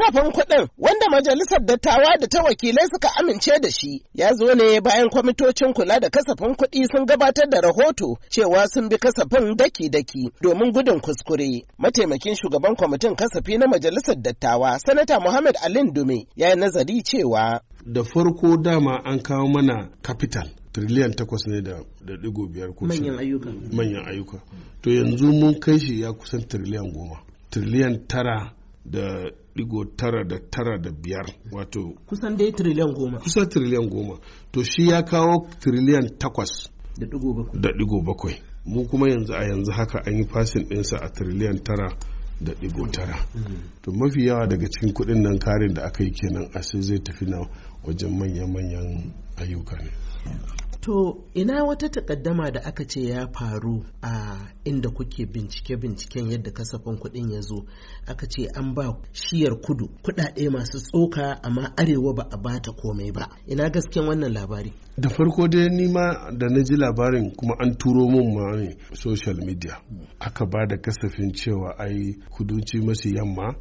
kasafin kuɗin wanda majalisar dattawa da ta wakilai suka amince da shi ya zo ne bayan kwamitocin kula da kasafin kuɗi sun gabatar da rahoto cewa sun bi kasafin daki-daki domin gudun kuskure. Mataimakin shugaban kwamitin kasafi na majalisar dattawa sanata Muhammad Alin Dume ya yi nazari cewa. Da farko dama an kawo mana capital triliyan takwas ne da digo biyar manyan manyan ayyuka to yanzu mun kai shi ya kusan triliyan goma triliyan tara da digo tara da tara da biyar wato kusan dai triliyan goma kusan triliyan goma to shi ya kawo triliyan takwas da digo bakwai mu kuma yanzu a yanzu haka an yi fasin ɗinsa a triliyan tara da digo tara mm. to mafi yawa daga cikin kuɗin nan karin da aka yi kenan a zai tafi na wajen manya-manyan ayyuka ne To ina wata takaddama da aka ce ya faru a inda kuke bincike-binciken yadda kasafin kuɗin ya zo aka ce an ba shiyar kudu kuɗaɗe masu tsoka amma arewa ba a bata komai ba ina gasken wannan labari. Da farko dai nima da na ji labarin kuma an turo mun ma ne social media aka ba da kasafin cewa ai kudanci masu yamma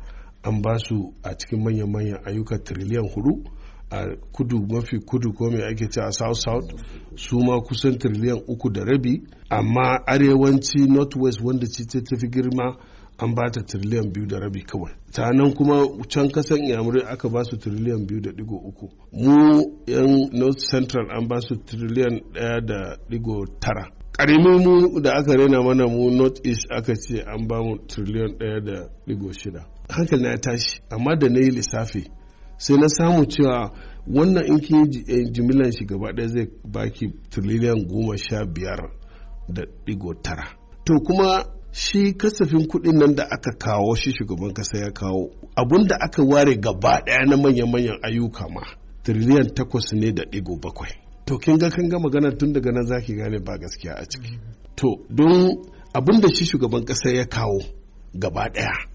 an ba su a cikin manya-manyan ayyuka tiriliyan hudu a kudu mafi kudu ko mai ake ce a south south su ma kusan triliyan uku da rabi amma arewanci west wanda ce ta tafi girma an ba ta triliyan biyu da rabi kawai ta nan kuma can kasan yamurai aka ba su triliyan biyu da digo uku mu yan north central an ba su triliyan daya da digo tara karimin mu da aka rena mana mu north east aka ce an ba mu triliyan daya da digo shida hankali na ya tashi amma da na yi lissafi sai na samu cewa wannan in ke eh, jimilan shi gaba ɗaya zai baki tiriliyan goma sha biyar da ɗigo tara to kuma shi kasafin kuɗin nan da aka kawo shi shugaban kasa ya kawo abun da aka ware gaba ɗaya na manya-manyan ayyuka ma tiriliyan takwas ne da ɗigo bakwai to kin ga kan ga magana tun daga nan zaki gane ba gaskiya a ciki mm-hmm. to don abun da shi shugaban kasa ya kawo gaba ɗaya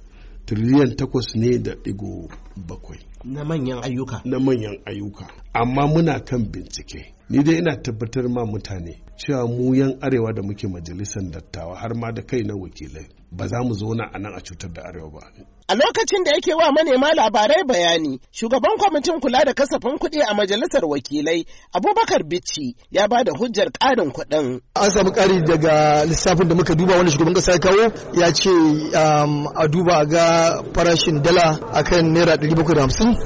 tiriliyan takwas ne da ɗigo bakwai na manyan ayyuka na manyan ayyuka amma muna kan bincike ni dai ina tabbatar ma mutane cewa mu yan arewa da muke majalisar dattawa har ma da kai na wakilai ba za mu zauna a nan a cutar da arewa ba. A lokacin da yake wa manema labarai bayani, shugaban kwamitin kula da kasafin kuɗi a majalisar wakilai, Abubakar Bichi ya ba da hujjar ƙarin kuɗin. An samu ƙari daga lissafin da muka duba wanda shugaban ƙasa ya kawo ya ce um, a duba ga farashin dala akan naira ɗari bakwai da hamsin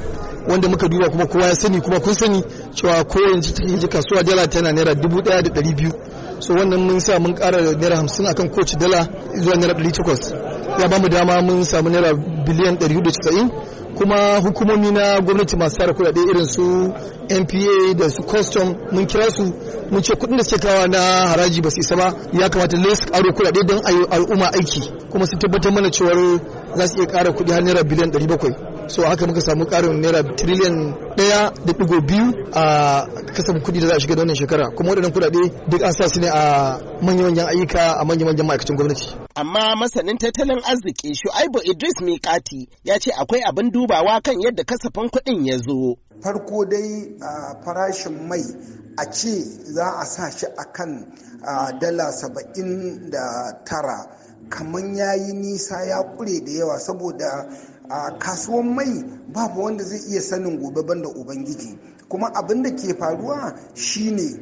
wanda muka duba kuma kowa ya sani kuma kun sani cewa kowace cikin kasuwa dala tana naira dubu ɗaya da ɗari biyu. so wannan mun sa mun kara naira hamsin akan kowace dala zuwa naira ɗari takwas ya ba mu dama mun samu naira biliyan ɗari hudu casa'in kuma hukumomi na gwamnati masu tara kuɗaɗe irin su npa da su custom mun kira su mun ce kuɗin da suke kawa na haraji ba su isa ba ya kamata ne su ƙaro kuɗaɗe don al'umma aiki kuma su tabbatar mana cewar za su iya ƙara kuɗi har naira biliyan ɗari bakwai so haka muka samu karin naira triliyan daya da ɗigo biyu a kasafin kuɗi da za a shiga da wannan shekara kuma waɗannan kuɗaɗe duk an sa su ne a manya-manyan ayyuka a manya-manyan ma'aikacin gwamnati. Amma masanin tattalin arziki Shu'aibu Idris Mikati ya ce akwai abin dubawa kan yadda kasafin kuɗin ya zo. Farko dai farashin mai a ce za a sa shi a kan dala saba'in da tara kamar ya yi nisa ya kure da yawa saboda a kasuwan mai babu wanda zai iya sanin gobe banda ubangiji kuma abin da ke faruwa shine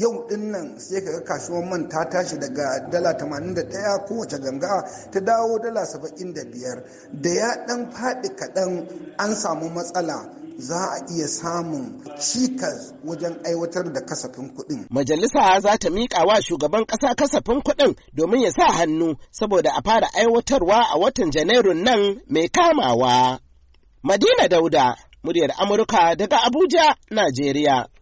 yau din nan sai ka ga kasuwar man ta tashi daga dala 81 kowace ganga ta dawo dala 75 da ya dan faɗi kaɗan an samu matsala za a iya samun cikas wajen aiwatar da kasafin kuɗin. Majalisa za ta miƙa wa shugaban ƙasa kasafin kuɗin domin ya sa hannu saboda a fara aiwatarwa a watan Janairun nan mai kamawa. Madina Dauda, muryar Amurka daga Abuja, Najeriya.